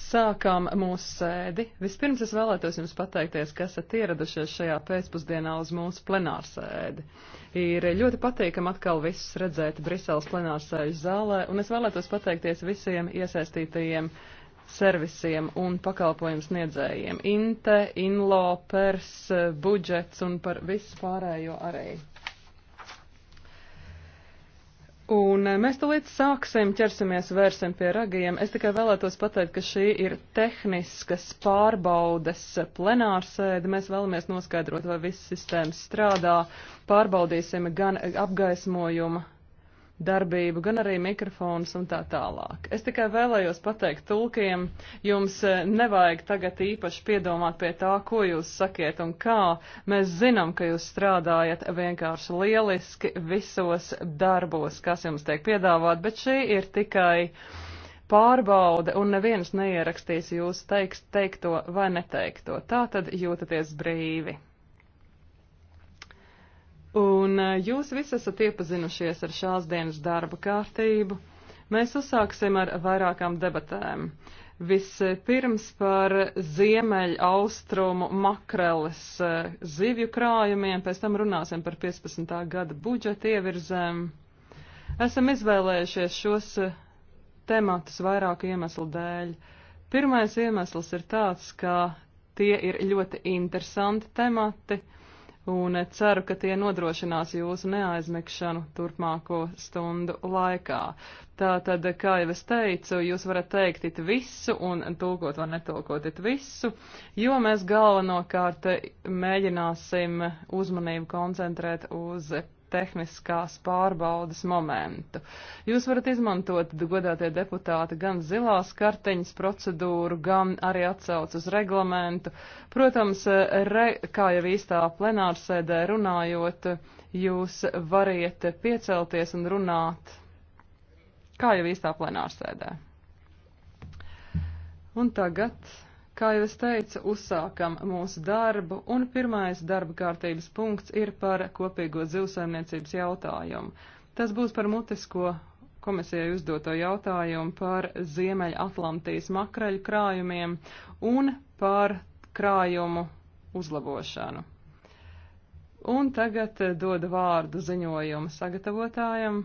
Sākām mūsu sēdi. Vispirms es vēlētos jums pateikties, ka esat ieradušies šajā pēcpusdienā uz mūsu plenārsēdi. Ir ļoti patīkam atkal visus redzēt Briseles plenārsēžu zālē, un es vēlētos pateikties visiem iesaistītajiem servisiem un pakalpojumu sniedzējiem - INTE, INLO, PERS, budžets un par visu pārējo arī. Un eh, mēs to līdz sāksim, ķersimies, vērsim pie ragiem. Es tikai vēlētos pateikt, ka šī ir tehniskas pārbaudes plenārsēde. Mēs vēlamies noskaidrot, vai viss sistēmas strādā. Pārbaudīsim gan apgaismojumu darbību, gan arī mikrofons un tā tālāk. Es tikai vēlējos pateikt tulkiem, jums eh, nevajag tagad īpaši piedomāt pie tā, ko jūs sakiet un kā. Mēs zinām, ka jūs strādājat vienkārši lieliski visos darbos, kas jums tiek piedāvāt, bet šī ir tikai pārbaude un neviens neierakstīs jūsu teikto vai neteikto. Tā tad jūtaties brīvi. Un eh, jūs visi esat iepazinušies ar šās dienas darba kārtību. Mēs uzsāksim ar vairākām debatēm. Vispirms par ziemeļa austrumu makreles eh, zivju krājumiem, pēc tam runāsim par 15. gada budžeta ievirzēm. Esam izvēlējušies šos eh, tematus vairāku iemeslu dēļ. Pirmais iemesls ir tāds, ka tie ir ļoti interesanti temati un ceru, ka tie nodrošinās jūsu neaizmigšanu turpmāko stundu laikā. Tātad, kā jau es teicu, jūs varat teikt it visu un tulkot vai netulkot it visu, jo mēs galvenokārt mēģināsim uzmanību koncentrēt uz tehniskās pārbaudas momentu. Jūs varat izmantot, godātie deputāti, gan zilās karteņas procedūru, gan arī atsauc uz reglamentu. Protams, re, kā jau īstā plenārsēdē runājot, jūs variet piecelties un runāt, kā jau īstā plenārsēdē. Un tagad. Kā jau es teicu, uzsākam mūsu darbu, un pirmais darba kārtības punkts ir par kopīgo zivsaimniecības jautājumu. Tas būs par mutisko komisijai uzdoto jautājumu par Ziemeļa Atlantijas makraļu krājumiem un par krājumu uzlabošanu. Un tagad dodu vārdu ziņojumu sagatavotājam